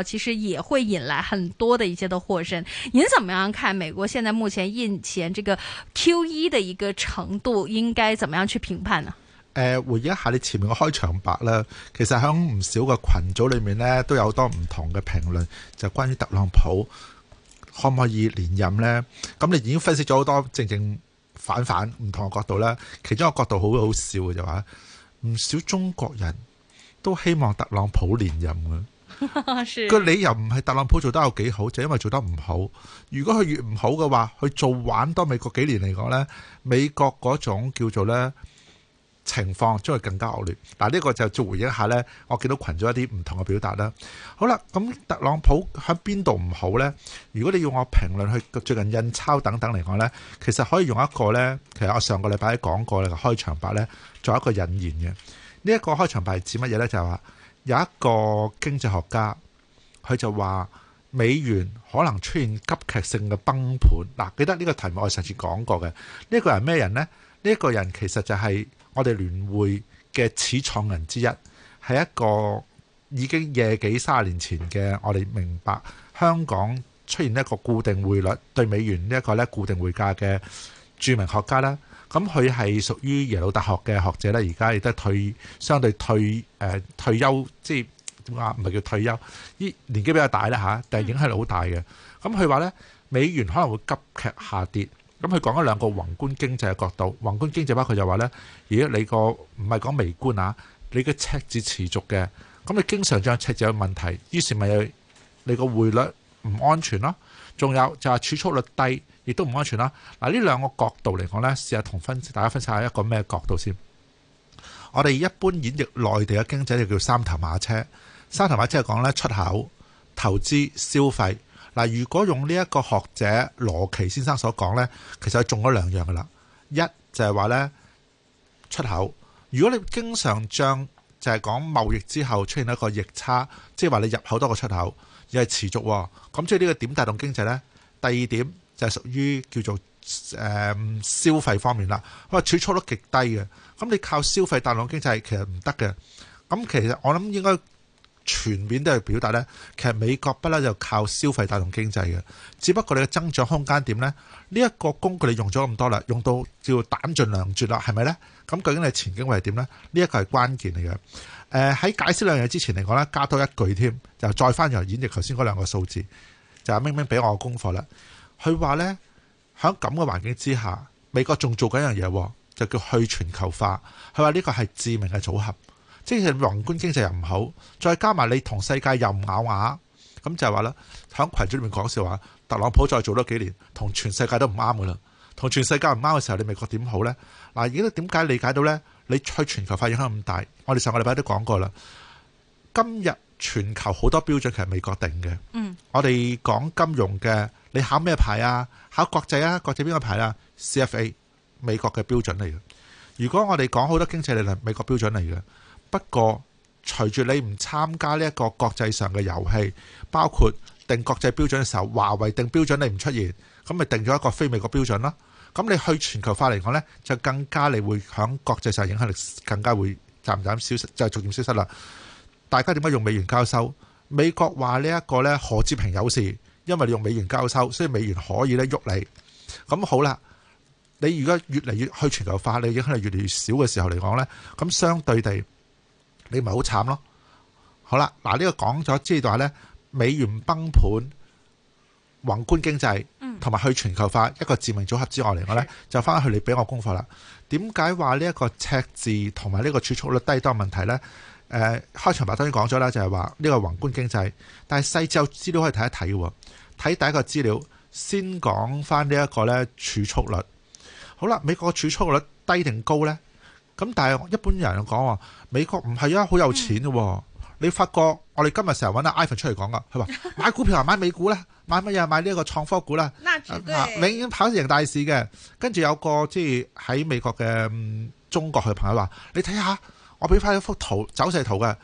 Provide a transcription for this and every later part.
其實也會引來很多的一些的獲勝。您怎麼樣看美國現在目前印錢這個 QE 的一個程度，應該怎麼樣去評判呢？誒、呃，回憶一下你前面嘅開場白啦。其實喺唔少嘅群組裏面呢，都有好多唔同嘅評論，就是、關於特朗普可唔可以連任呢？咁、嗯、你已經分析咗好多正正反反唔同嘅角度啦。其中一個角度好好笑嘅就話、是，唔少中國人都希望特朗普連任嘅。個理由唔係特朗普做得有幾好，就因為做得唔好。如果佢越唔好嘅話，佢做玩多美國幾年嚟講呢，美國嗰種叫做呢情況將會更加惡劣。嗱，呢個就做回應一下呢，我見到群眾一啲唔同嘅表達啦。好啦，咁特朗普喺邊度唔好呢？如果你要我評論去最近印鈔等等嚟講呢，其實可以用一個呢。其實我上個禮拜講過嘅開場白呢，做一個引言嘅。呢一個開場白係指乜嘢呢？就係話。有一個經濟學家，佢就話美元可能出現急劇性嘅崩盤。嗱、啊，記得呢個題目我上次講過嘅。呢個人咩人呢？呢個人其實就係我哋聯匯嘅始創人之一，係一個已經廿幾卅年前嘅。我哋明白香港出現一個固定匯率對美元呢一個咧固定匯價嘅著名學家咧。咁佢係屬於耶魯大學嘅學者咧，而家亦都係退，相對退誒、呃、退休，即係點講？唔、啊、係叫退休，依年紀比較大啦嚇，但、啊、係影響力好大嘅。咁佢話咧，美元可能會急劇下跌。咁佢講咗兩個宏觀經濟嘅角度，宏觀經濟咧，佢就話咧，咦？你個唔係講微觀啊？你嘅赤字持續嘅，咁你經常賬赤字有問題，於是咪你個匯率唔安全咯？仲有就係儲蓄率低，亦都唔安全啦。嗱，呢兩個角度嚟講呢，試下同分大家分析一下一個咩角度先。我哋一般演繹內地嘅經濟就叫三頭馬車，三頭馬車係講呢出口、投資、消費。嗱，如果用呢一個學者羅奇先生所講呢，其實佢中咗兩樣噶啦，一就係話呢出口。如果你經常將就係講貿易之後出現一個逆差，即係話你入口多過出口。又係持續喎，咁所以呢個點帶動經濟呢？第二點就係屬於叫做誒、嗯、消費方面啦。咁啊儲蓄率極低嘅，咁你靠消費帶動經濟其實唔得嘅。咁其實我諗應該。全面都係表達咧，其實美國不嬲就靠消費帶動經濟嘅，只不過你嘅增長空間點咧？呢一個工具你用咗咁多啦，用到叫膽盡糧絕啦，係咪咧？咁究竟你嘅前景會係點咧？呢一個係關鍵嚟嘅。誒喺解釋兩樣嘢之前嚟講咧，加多一句添，就再翻又演繹頭先嗰兩個數字，就阿明明俾我嘅功課啦。佢話咧，喺咁嘅環境之下，美國仲做緊一樣嘢喎，就叫去全球化。佢話呢個係致命嘅組合。即係宏觀經濟又唔好，再加埋你同世界又唔咬牙、啊、咁，就係話啦，喺群組裏面講笑話。特朗普再做多幾年，同全世界都唔啱噶啦。同全世界唔啱嘅時候，你美國點好呢？嗱，而家點解理解到呢？你去全球化影響咁大，我哋上個禮拜都講過啦。今日全球好多標準其實美國定嘅。嗯，我哋講金融嘅，你考咩牌啊？考國際啊，國際邊個牌呀、啊、CFA 美國嘅標準嚟嘅。如果我哋講好多經濟理論，美國標準嚟嘅。不過，隨住你唔參加呢一個國際上嘅遊戲，包括定國際標準嘅時候，華為定標準你唔出現，咁咪定咗一個非美國標準咯。咁你去全球化嚟講呢，就更加你會響國際上影響力更加會漸漸消失，就係、是、逐漸消失啦。大家點解用美元交收？美國話呢一個呢，何志平有事，因為你用美元交收，所以美元可以咧喐你。咁好啦，你如果越嚟越去全球化，你的影響力越嚟越少嘅時候嚟講呢，咁相對地。你咪好慘咯！好啦，嗱、這、呢個講咗之後呢，美元崩盤、宏觀經濟同埋去全球化一個致命組合之外嚟講呢，是就翻去你俾我功課啦。點解話呢一個赤字同埋呢個儲蓄率低多問題呢？誒、呃，開場白當然講咗啦，就係話呢個宏觀經濟，但係細周資料可以睇一睇喎，睇第一個資料先講翻呢一個呢儲蓄率。好啦，美國儲蓄率低定高呢？咁但係一般人講話美國唔係啊，好有錢嘅。嗯、你發覺我哋今日成日揾阿 Ivan 出嚟講噶，佢話買股票啊買美股啦，買乜嘢買呢個創科股啦，永遠、啊、跑贏大市嘅。跟住有個即係喺美國嘅、嗯、中國嘅朋友話：你睇下，我俾翻一幅圖走勢圖嘅，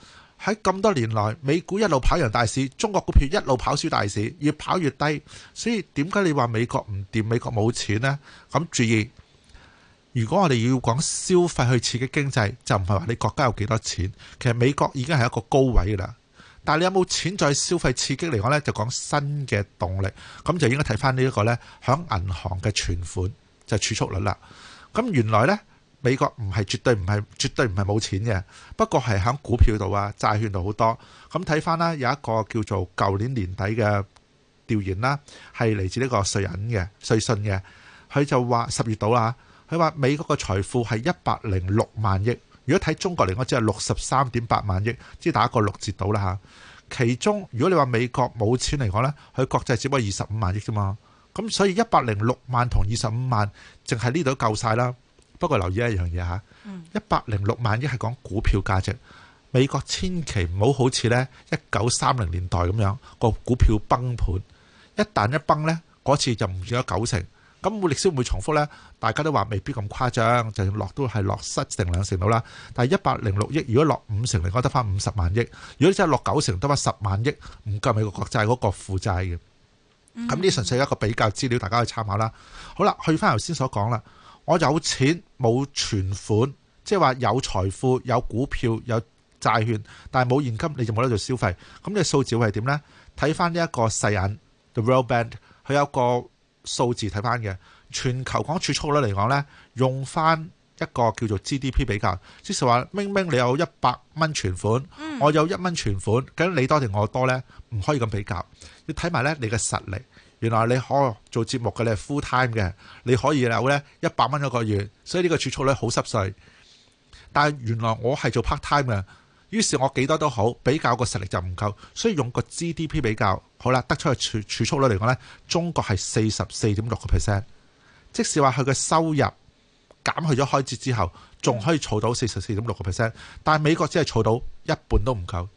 喺咁多年來，美股一路跑贏大市，中國股票一路跑輸大市，越跑越低。所以點解你話美國唔掂？美國冇錢呢？咁注意。如果我哋要講消費去刺激經濟，就唔係話你國家有幾多錢，其實美國已經係一個高位噶啦。但係你有冇錢再消費刺激嚟，講呢？就講新嘅動力，咁就應該睇翻呢一個呢，響銀行嘅存款就儲蓄率啦。咁原來呢，美國唔係絕對唔係絕對唔係冇錢嘅，不過係喺股票度啊、債券度好多。咁睇翻啦，有一個叫做舊年年底嘅調研啦，係嚟自呢個瑞銀嘅瑞信嘅，佢就話十月到啦。佢話美國嘅財富係一百零六萬億，如果睇中國嚟講，只係六十三點八萬億，即係打個六折到啦嚇。其中如果你話美國冇錢嚟講呢，佢國際只不過二十五萬億啫嘛。咁所以一百零六萬同二十五萬，淨係呢度夠晒啦。不過留意一樣嘢嚇，一百零六萬億係講股票價值，美國千祈唔好好似呢一九三零年代咁樣，個股票崩盤，一旦一崩呢，嗰次就唔止咗九成。咁會歷史會唔會重複呢？大家都話未必咁誇張，就係落都係落七成兩成到啦。但係一百零六億，如果落五成，你我得翻五十萬億；如果真係落九成，得翻十萬億，唔夠美國國債嗰個負債嘅。咁呢，純粹一個比較資料，大家可以參考啦。好啦，去翻頭先所講啦。我有錢冇存款，即係話有財富、有股票、有債券，但係冇現金，你就冇得做消費。咁你數字會係點呢？睇翻呢一個世銀 The World Bank，佢有個數字睇翻嘅，全球講儲蓄率嚟講呢，用翻一個叫做 GDP 比較，即是話明明你有一百蚊存款，我有一蚊存款，咁你多定我多呢？唔可以咁比較，要睇埋呢，你嘅實力。原來你可做節目嘅你係 full time 嘅，你可以有呢一百蚊一個月，所以呢個儲蓄率好濕碎。但係原來我係做 part time 嘅。於是我幾多都好，比較個實力就唔夠，所以用個 GDP 比較好啦，得出個儲儲蓄率嚟講呢，中國係四十四點六個 percent，即使話佢嘅收入減去咗開支之後，仲可以儲到四十四點六個 percent，但美國只係儲到一半都唔夠，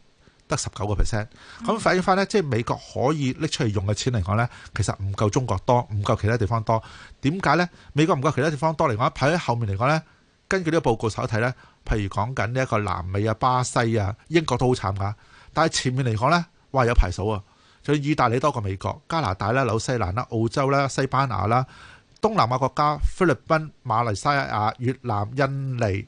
得十九個 percent。咁、嗯、反映翻呢，即係美國可以拎出嚟用嘅錢嚟講呢，其實唔夠中國多，唔夠其他地方多。點解呢？美國唔夠其他地方多嚟講，排喺後面嚟講呢，根據呢個報告手一睇譬如講緊呢一個南美啊、巴西啊、英國都好慘㗎，但係前面嚟講呢，哇有排數啊，仲意大利多過美國，加拿大啦、紐西蘭啦、澳洲啦、西班牙啦、東南亞國家菲律賓、馬來西亞、越南、印尼、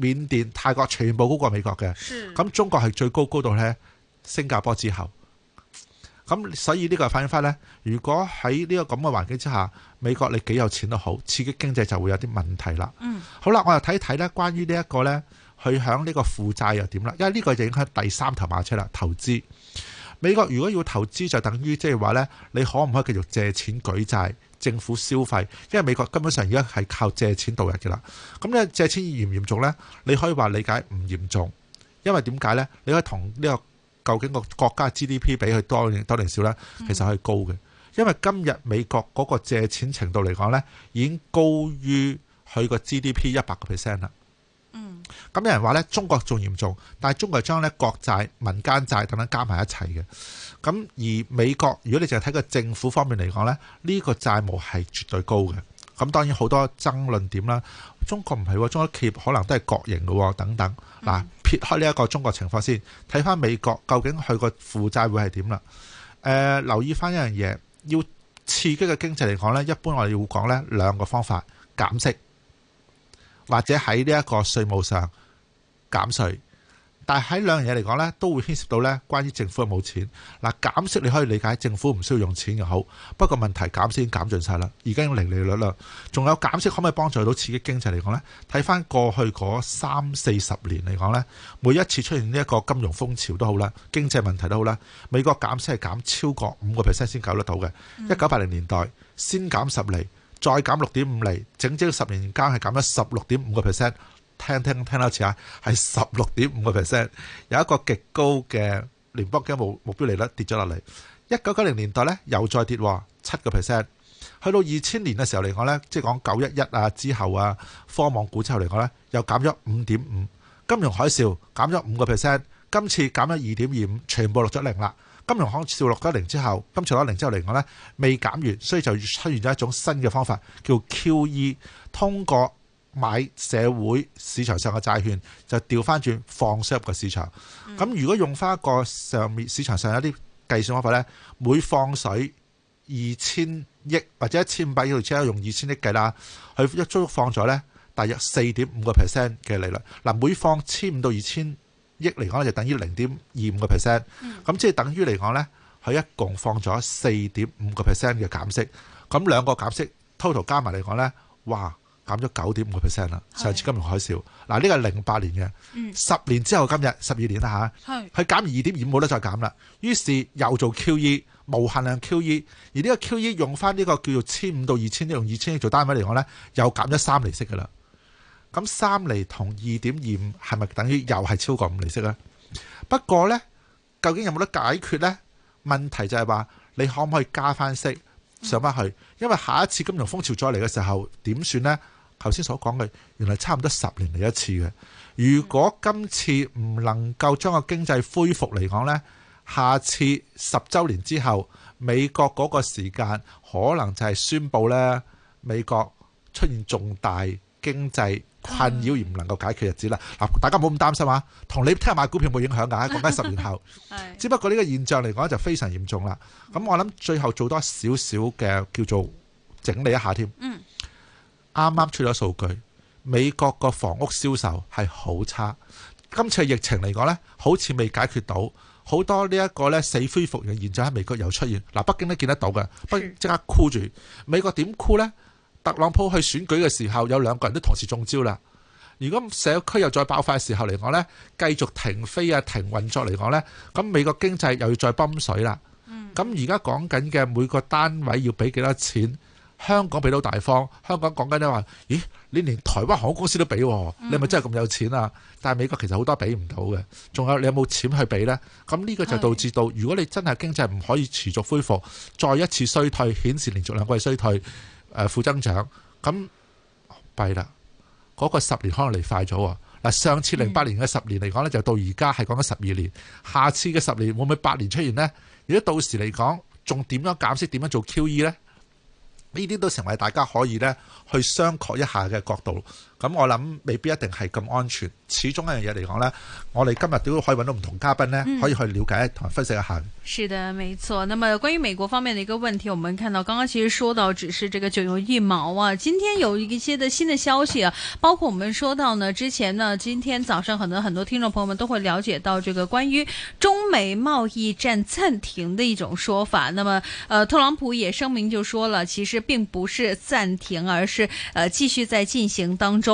緬甸、泰國全部高過美國嘅，咁、嗯、中國係最高高度呢，新加坡之後。咁所以呢個反映翻呢，如果喺呢個咁嘅環境之下，美國你幾有錢都好，刺激經濟就會有啲問題啦。嗯，好啦，我又睇睇呢關於呢一個呢，去響呢個負債又點啦？因為呢個影響第三頭馬車啦，投資。美國如果要投資，就等於即係話呢，你可唔可以繼續借錢舉債？政府消費，因為美國根本上而家係靠借錢度日嘅啦。咁呢借錢嚴唔嚴重呢？你可以話理解唔嚴重，因為點解呢？你可以同呢個。究竟個國家 GDP 比佢多定多定少呢？其實可以高嘅，嗯、因為今日美國嗰個借錢程度嚟講呢，已經高於佢個 GDP 一百個 percent 啦。嗯，咁有人話呢，中國仲嚴重，但係中國將呢國債、民間債等等加埋一齊嘅。咁而美國，如果你淨係睇個政府方面嚟講呢，呢、呢個債務係絕對高嘅。咁當然好多爭論點啦。中國唔係喎，中國企業可能都係國營嘅喎，等等嗱。嗯撇開呢一個中國情況先，睇翻美國究竟佢個負債會係點啦？誒、呃，留意翻一樣嘢，要刺激嘅經濟嚟講呢，一般我哋會講呢兩個方法：減息或者喺呢一個稅務上減稅。但係喺兩樣嘢嚟講咧，都會牽涉到咧關於政府嘅冇錢。嗱，減息你可以理解政府唔需要用錢又好，不過問題減息已經減盡曬啦。已經零利率啦，仲有減息可唔可以幫助到刺激經濟嚟講咧？睇翻過去嗰三四十年嚟講咧，每一次出現呢一個金融風潮都好啦，經濟問題都好啦，美國減息係減超過五個 percent 先搞得到嘅。一九八零年代先減十厘，再減六點五厘，整整十年間係減咗十六點五個 percent。聽聽聽多次啊，係十六點五個 percent，有一個極高嘅聯邦基金目目標利率跌咗落嚟。一九九零年代咧又再跌七個 percent，去到二千年嘅時候嚟講咧，即係講九一一啊之後啊，科網股之後嚟講咧，又減咗五點五，金融海嘯減咗五個 percent，今次減咗二點二五，全部落咗零啦。金融海嘯落咗零之後，今次落咗零之後嚟講咧，未減完，所以就出現咗一種新嘅方法，叫 QE，通過。買社會市場上嘅債券，就調翻轉放水入個市場。咁如果用翻一個上面市場上有一啲計算方法呢，每放水二千億或者一千五百億條車，用二千億計啦，佢一足足放咗呢，大約四點五個 percent 嘅利率。嗱，每放千五到二千億嚟講就等於零點二五個 percent。咁即係等於嚟講呢，佢一共放咗四點五個 percent 嘅減息。咁兩個減息 total 加埋嚟講呢。哇！減咗九點五個 percent 啦，上次金融海嘯嗱，呢個係零八年嘅，十、嗯、年之後今日十二年啦嚇，佢、啊、是減二點二五冇得再減啦，於是又做 QE 無限量 QE，而呢個 QE 用翻呢個叫做千五到二千億，用二千億做單位嚟講呢，又減咗三厘息嘅啦。咁三厘同二點二五係咪等於又係超過五厘息呢？不過呢，究竟有冇得解決呢？問題就係話你可唔可以加翻息上翻去？嗯、因為下一次金融風潮再嚟嘅時候點算呢？頭先所講嘅，原來差唔多十年嚟一次嘅。如果今次唔能夠將個經濟恢復嚟講呢，下次十週年之後，美國嗰個時間可能就係宣布呢，美國出現重大經濟困擾而唔能夠解決日子啦。嗱的，大家唔好咁擔心啊，同你聽日買股票冇影響㗎。講緊十年後， 的只不過呢個現象嚟講就非常嚴重啦。咁我諗最後做多少少嘅叫做整理一下添。嗯。啱啱出咗數據，美國個房屋銷售係好差。今次疫情嚟講呢，好似未解決到，好多呢一個呢死灰復燃現象喺美國又出現。嗱，北京都見得到嘅，北京即刻箍住美國點箍呢？特朗普去選舉嘅時候，有兩個人都同時中招啦。如果社區又再爆發嘅時候嚟講呢，繼續停飛啊停運作嚟講呢，咁美國經濟又要再泵水啦。咁而家講緊嘅每個單位要俾幾多錢？香港俾到大方，香港講緊呢話：咦，你連台灣航空公司都俾，你係咪真係咁有錢啊？但係美國其實好多俾唔到嘅，仲有你有冇錢去俾呢？咁呢個就導致到，是如果你真係經濟唔可以持續恢復，再一次衰退顯示連續兩季衰退，誒、呃、負增長，咁弊啦。嗰、那個十年可能嚟快咗喎。嗱，上次零八年嘅十年嚟講呢，就到而家係講緊十二年，下次嘅十年會唔會八年出現呢？如果到時嚟講，仲點樣減息？點樣做 QE 呢？呢啲都成為大家可以咧去商榷一下嘅角度。咁我諗未必一定係咁安全，始終一樣嘢嚟講咧，我哋今日都可以揾到唔同嘉賓咧，可以去了解同分析一下。嗯。是的，沒錯。那麼關於美國方面的一個問題，我們看到剛剛其實說到只是這個九牛一毛啊，今天有一些的新的消息啊，包括我們說到呢，之前呢，今天早上可能很多聽眾朋友們都會了解到這個關於中美貿易戰暫停的一種說法。那麼，呃，特朗普也聲明就說了，其實並不是暫停，而是，呃，繼續在進行當中。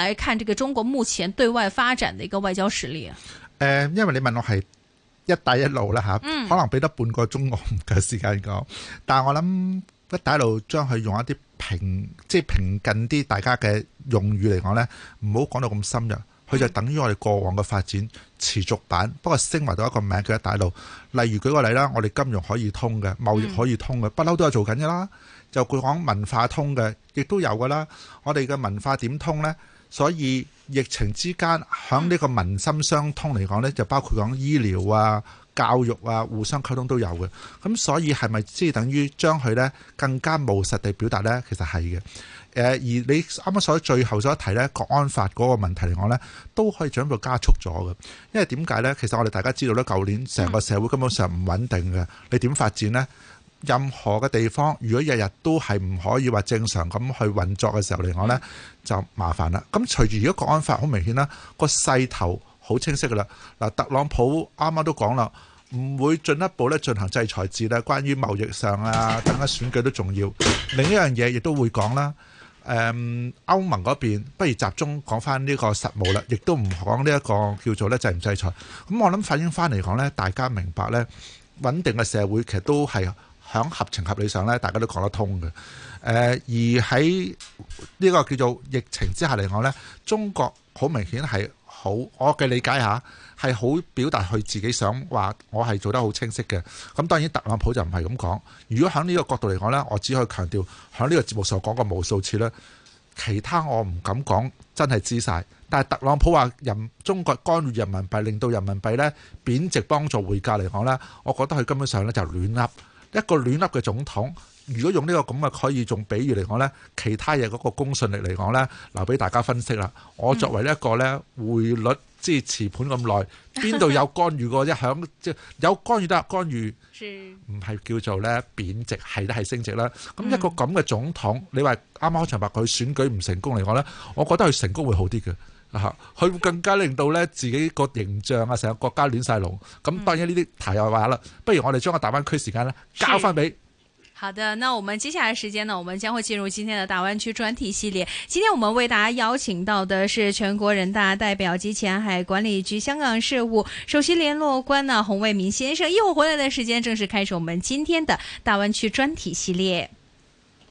來看這個中國目前對外發展的一個外交實力啊。誒、呃，因為你問我係一帶一路啦吓，啊嗯、可能俾得半個鐘我唔夠時間講。但係我諗一帶一路將佢用一啲平，即係平近啲大家嘅用語嚟講呢，唔好講到咁深入。佢就等於我哋過往嘅發展持續版，嗯、不過升華到一個名叫一帶一路。例如舉個例啦，我哋金融可以通嘅，貿易可以通嘅，不嬲、嗯、都有做緊嘅啦。就佢講文化通嘅，亦都有噶啦。我哋嘅文化點通呢？所以疫情之間，喺呢個民心相通嚟講呢，就包括講醫療啊、教育啊，互相溝通都有嘅。咁所以係咪即係等於將佢呢更加務實地表達呢？其實係嘅。誒而你啱啱所最後所提呢，國安法嗰個問題嚟講呢，都可以進一步加速咗嘅。因為點解呢？其實我哋大家知道咧，舊年成個社會根本上唔穩定嘅，你點發展呢？任何嘅地方，如果日日都係唔可以話正常咁去運作嘅時候嚟講呢，就麻煩啦。咁隨住如果國安法好明顯啦，個勢頭好清晰噶啦。嗱，特朗普啱啱都講啦，唔會進一步咧進行制裁戰咧，關於貿易上啊，等一選舉都重要。另一樣嘢亦都會講啦。誒、嗯，歐盟嗰邊不如集中講翻呢個實務啦，亦都唔講呢一個叫做咧制唔制裁。咁我諗反映翻嚟講呢，大家明白呢，穩定嘅社會其實都係。喺合情合理上咧，大家都講得通嘅，呃。而喺呢個叫做疫情之下嚟講呢，中國好明顯係好，我嘅理解嚇係好表達佢自己想話我係做得好清晰嘅。咁、嗯、當然特朗普就唔係咁講，如果響呢個角度嚟講呢，我只可以強調響呢個節目所講過無數次啦，其他我唔敢講，真係知晒。但係特朗普話，人中國干預人民幣令到人民幣呢貶值幫助匯價嚟講呢，我覺得佢根本上呢就亂噏。一個亂笠嘅總統，如果用呢個咁嘅可以仲比喻嚟講呢，其他嘢嗰個公信力嚟講呢，留俾大家分析啦。我作為一個呢匯率支持盤咁耐，邊度、嗯、有干預過啫？即 有干預得，干預唔係叫做呢，貶值，係都係升值啦。咁一個咁嘅總統，你話啱啱開場白佢選舉唔成功嚟講呢，我覺得佢成功會好啲嘅。嚇，佢會 更加令到咧自己個形象啊，成 個國家亂晒龍。咁當然呢啲題外話啦，不如我哋將個大灣區時間咧交翻俾。好的，那我們接下來的時間呢，我們將會進入今天的大灣區專題系列。今天我們為大家邀請到的是全國人大代表及前海管理局香港事務首席聯絡官呢洪為民先生。一會回來的時間，正式開始我們今天的大灣區專題系列。